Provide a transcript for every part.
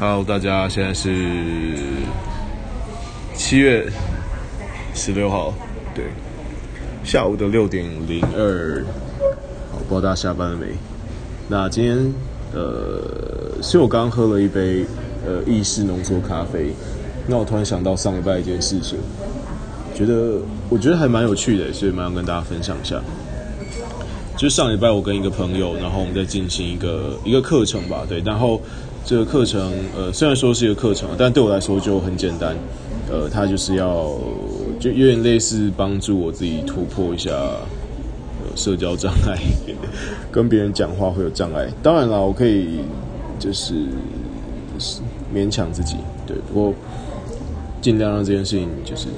Hello，大家，現在是七月十六號，對，下午的六點零二，好，不知道大家下班了沒？那今天，呃，所以我剛喝了一杯，呃，意式濃縮咖啡，那我突然想到上禮拜一件事情，覺得我覺得還蠻有趣的，所以蠻想跟大家分享一下。就上禮拜我跟一個朋友，然後我們在進行一個一個課程吧，對，然後。這個課程，呃，雖然說是一個課程，但對我來說就很簡單。呃，它就是要就有點類似幫助我自己突破一下、呃、社交障礙，跟別人講話會有障礙。當然了，我可以、就是、就是勉強自己，對，我盡量讓這件事情就是，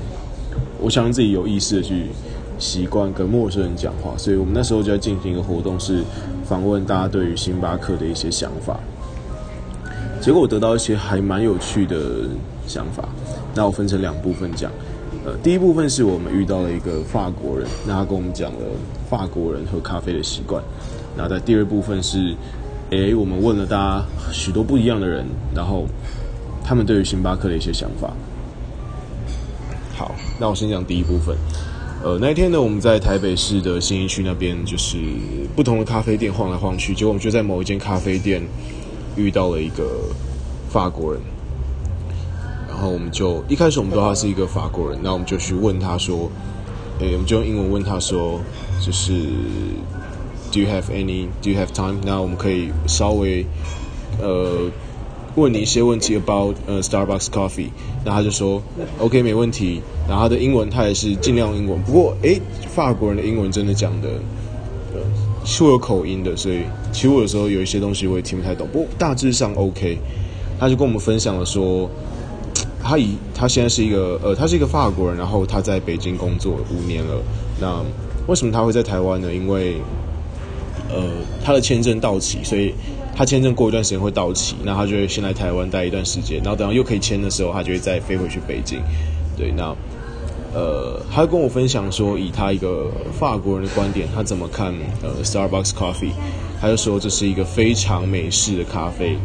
我想讓自己有意識的去習慣跟陌生人講話。所以我們那時候就在進行一個活動，是訪問大家對於星巴克的一些想法。結果我得到一些還蠻有趣的想法，那我分成兩部分講，呃，第一部分是我們遇到了一個法國人，那他跟我們講了法國人喝咖啡的習慣，那在第二部分是，誒，我們問了大家許多不一樣的人，然後他們對於星巴克的一些想法。好，那我先講第一部分，呃，那一天呢，我們在台北市的信義區那邊，就是不同的咖啡店晃來晃去，結果我們就在某一間咖啡店。遇到了一個法國人，然後我們就一開始我們都知道他是一個法國人，那我們就去問他說，誒，我們就用英文問他說，就是，Do you have any? Do you have time? 那我們可以稍微，呃，問你一些問題 about 呃 Starbucks coffee。那他就說，OK，沒問題。那他的英文他也是盡量英文，不過誒，法國人的英文真的講的，是有口音的，所以其實我有時候有一些東西我也聽不太懂，不過大致上 OK。他就跟我們分享了說，他以他現在是一個呃，他是一個法國人，然後他在北京工作五年了。那為什麼他會在台灣呢？因為呃，他的簽證到期，所以他簽證過一段時間會到期，那他就會先來台灣待一段時間，然後等到又可以簽的時候，他就會再飛回去北京。對，那。呃，他跟我分享說，以他一個法國人的觀點，他怎麼看呃 Starbucks Coffee？他就說這是一個非常美式的咖啡。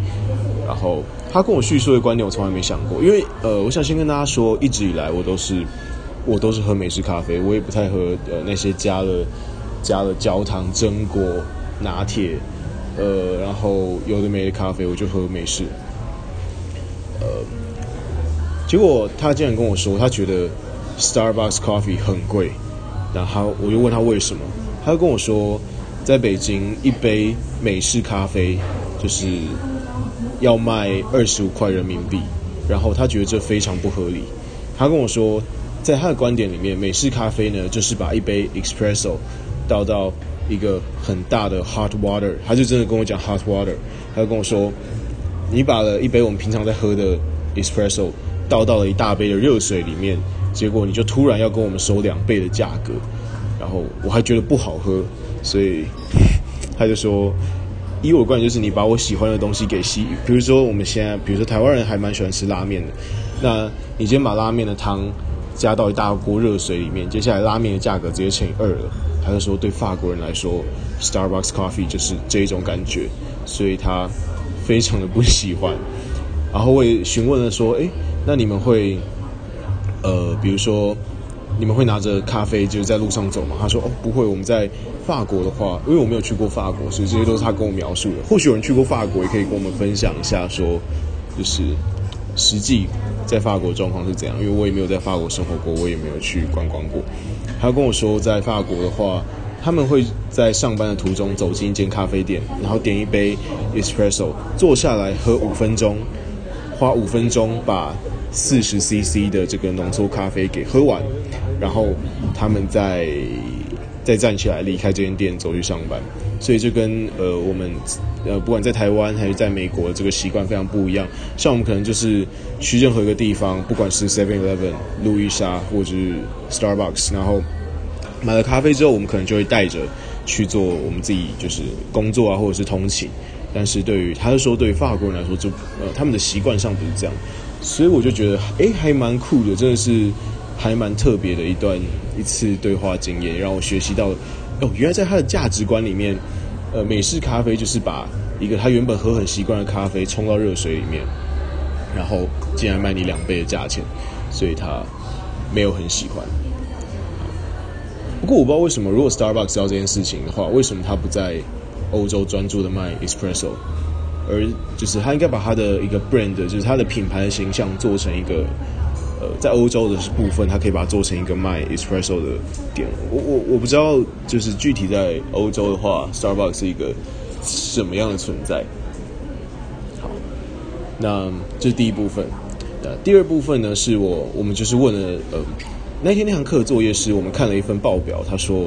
然後他跟我敘述的觀點，我從來沒想過，因為呃，我想先跟大家說，一直以來我都是我都是喝美式咖啡，我也不太喝呃那些加了加了焦糖榛果拿鐵，呃，然後有的沒的咖啡，我就喝美式。呃，結果他竟然跟我說，他覺得。Starbucks coffee 很貴，然後我就問他為什麼，他就跟我說，在北京一杯美式咖啡就是要賣二十五塊人民幣，然後他覺得這非常不合理。他跟我說，在他的觀點裡面，美式咖啡呢就是把一杯 espresso 倒到一個很大的 hot water，他就真的跟我講 hot water，他就跟我說，你把了一杯我們平常在喝的 espresso 倒到了一大杯的熱水裡面。結果你就突然要跟我們收兩倍的價格，然後我還覺得不好喝，所以他就說：依我觀點就是你把我喜歡的東西給稀。比如說我們現在，比如說台灣人還蠻喜歡吃拉面的，那你今天把拉面的湯加到一大鍋熱水裡面，接下來拉面的價格直接乘以二了。他就說對法國人來說，Starbucks Coffee 就是這一種感覺，所以他非常的不喜歡。然後我也詢問了說：誒，那你們會？呃，比如說，你們會拿着咖啡就是在路上走嗎？他說：“哦，不會，我們在法國的話，因為我沒有去過法國，所以這些都是他跟我描述的。或許有人去過法國，也可以跟我們分享一下說，說就是實際在法國狀況是怎樣？因為我也沒有在法國生活過，我也沒有去觀光過。他跟我說，在法國的話，他們會在上班的途中走進一間咖啡店，然後點一杯 espresso，坐下來喝五分鐘，花五分鐘把。”四十 CC 的這個濃縮咖啡給喝完，然後他們再再站起來離開這間店，走去上班。所以就跟呃我們呃不管在台灣還是在美國，這個習慣非常不一樣。像我們可能就是去任何一個地方，不管是 Seven Eleven、11，路易莎或者是 Starbucks，然後買了咖啡之後，我們可能就會帶着去做我們自己就是工作啊，或者是通勤。但是對於他是說，對於法國人來說，就呃他們的習慣上不是這樣。所以我就覺得，哎、欸，還蠻酷的，真的是還蠻特別的一段一次對話經驗，讓我學習到，哦，原來在他的價值觀裡面，呃，美式咖啡就是把一個他原本喝很習慣的咖啡沖到熱水裡面，然後竟然賣你兩倍的價錢，所以他沒有很喜歡。不過我不知道為什麼，如果 Starbucks 知道這件事情的話，為什麼他不在歐洲專注的賣 Espresso？而就是他應該把他的一個 brand，就是他的品牌的形象做成一個，呃，在歐洲的部分，它可以把它做成一個賣 espresso 的店。我我我不知道，就是具體在歐洲的話，Starbucks 是一個什麼樣的存在。好，那這、就是第一部分。那第二部分呢，是我我們就是問了，呃，那天那堂課的作業是我們看了一份報表，他說，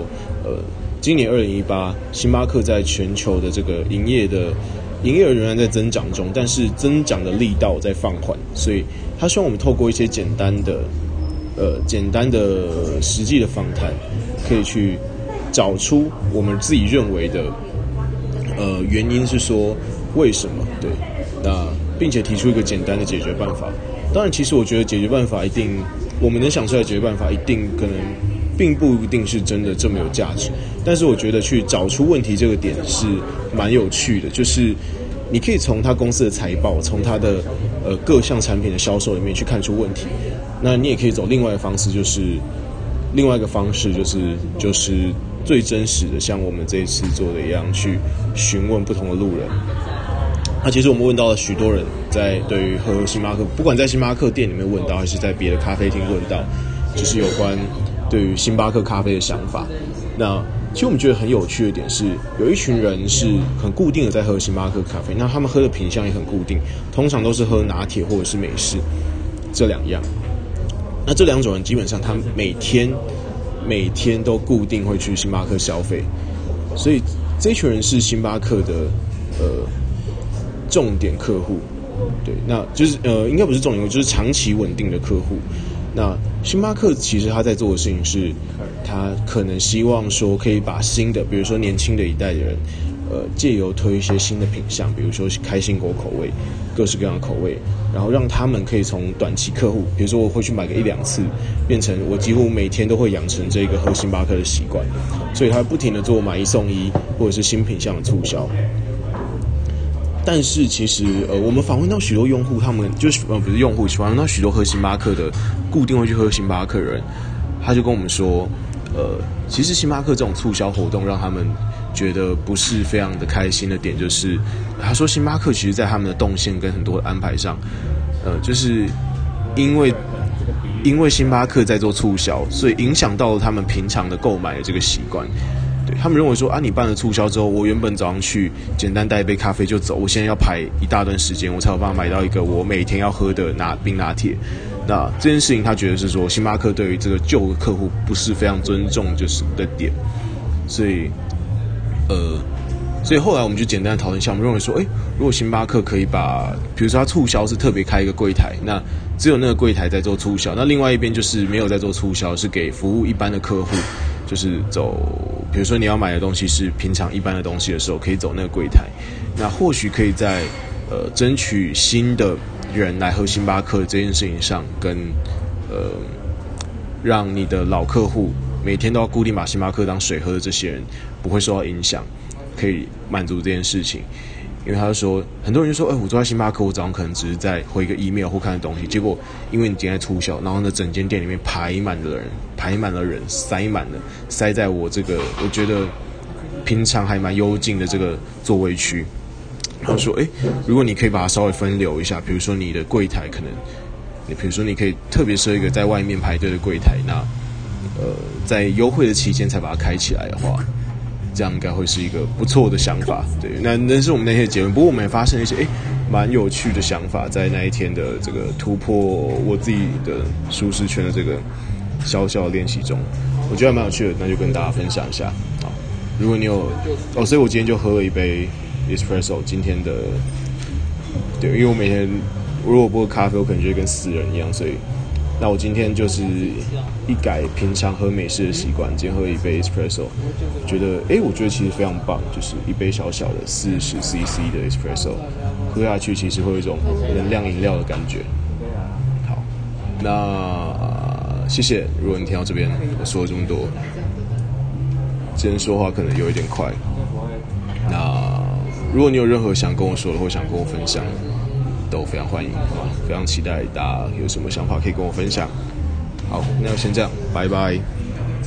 呃，今年二零一八，星巴克在全球的這個營業的。營業額仍然在增長中，但是增長的力道在放緩，所以他希望我們透過一些簡單的，呃，簡單的實際的訪談，可以去找出我們自己認為的，呃，原因是說，為什麼對，那並且提出一個簡單的解決辦法。當然，其實我覺得解決辦法一定，我們能想出來的解決辦法一定可能。並不一定是真的這麼有價值，但是我覺得去找出問題這個點是蠻有趣的，就是你可以從他公司的財報，從他的呃各項產品的銷售裡面去看出問題，那你也可以走另外一個方式，就是另外一個方式就是就是最真實的，像我們這一次做的一樣，去詢問不同的路人。那、啊、其實我們問到了許多人在對於喝星巴克，不管在星巴克店裡面問到，還是在別的咖啡廳問到，就是有關。對於星巴克咖啡的想法，那其實我們覺得很有趣的點是，有一群人是很固定的在喝星巴克咖啡，那他們喝的品相也很固定，通常都是喝拿鐵或者是美式這兩樣。那這兩種人基本上他們每天每天都固定會去星巴克消費，所以這群人是星巴克的呃重點客戶，對，那就是呃應該不是重點，就是長期穩定的客戶。那星巴克其實他在做的事情是，他可能希望說可以把新的，比如說年輕的一代的人，呃，借由推一些新的品項，比如說開心果口味，各式各樣的口味，然後讓他們可以從短期客戶，比如說我會去買個一兩次，變成我幾乎每天都會養成這個喝星巴克的習慣，所以他不停地做買一送一或者是新品項的促銷。但是其實，呃，我們訪問到許多用戶，他們就是呃不是用戶，喜歡到許多喝星巴克的，固定會去喝星巴克的人，他就跟我們說，呃，其實星巴克這種促銷活動讓他們覺得不是非常的開心的點，就是他說星巴克其實在他們的動線跟很多的安排上，呃，就是因為因為星巴克在做促銷，所以影響到了他們平常的購買的這個習慣。他們認為說啊，你辦了促銷之後，我原本早上去簡單帶一杯咖啡就走，我現在要排一大段時間，我才有辦法買到一個我每天要喝的拿冰拿鐵。那這件事情，他覺得是說星巴克對於這個舊的客戶不是非常尊重，就是的點。所以，呃，所以後來我們就簡單的討論一下，我們認為說，哎，如果星巴克可以把，比如說他促銷是特別開一個櫃檯，那只有那個櫃檯在做促銷，那另外一邊就是沒有在做促銷，是給服務一般的客戶，就是走。比如說你要買的東西是平常一般的東西的時候，可以走那個櫃檯，那或許可以在呃爭取新的人來喝星巴克這件事情上，跟呃讓你的老客戶每天都要固定把星巴克當水喝的這些人不會受到影響，可以滿足這件事情。因為他說，很多人就說，哎、欸，我坐在星巴克，我早上可能只是在回一個 email 或看的東西。結果，因為你今天促銷，然後呢，整間店裡面排滿了人，排滿了人，塞滿了，塞在我這個我覺得平常還蠻幽靜的這個座位區。他說，哎、欸，如果你可以把它稍微分流一下，比如說你的櫃台可能，你比如說你可以特別設一個在外面排隊的櫃台，那，呃，在優惠的期間才把它開起來的話。這樣應該會是一個不錯的想法，對。那那是我們那天的節目，不過我們也發生了一些哎蠻、欸、有趣的想法，在那一天的這個突破我自己的舒適圈的這個小小練習中，我覺得還蠻有趣的，那就跟大家分享一下。好，如果你有，哦，所以我今天就喝了一杯 espresso。今天的對，因為我每天我如果不喝咖啡，我可能就會跟死人一樣，所以。那我今天就是一改平常喝美式的習慣，今天喝一杯 espresso，覺得哎，我覺得其實非常棒，就是一杯小小的四十 cc 的 espresso 喝下去，其實會有一種能量飲料的感覺。好，那謝謝。如果你聽到這邊，我說了這麼多，今天說話可能有一點快。那如果你有任何想跟我說的或想跟我分享，都非常歡迎，好吧？非常期待大家有什麼想法可以跟我分享。好，那就先這樣，拜拜。拜拜。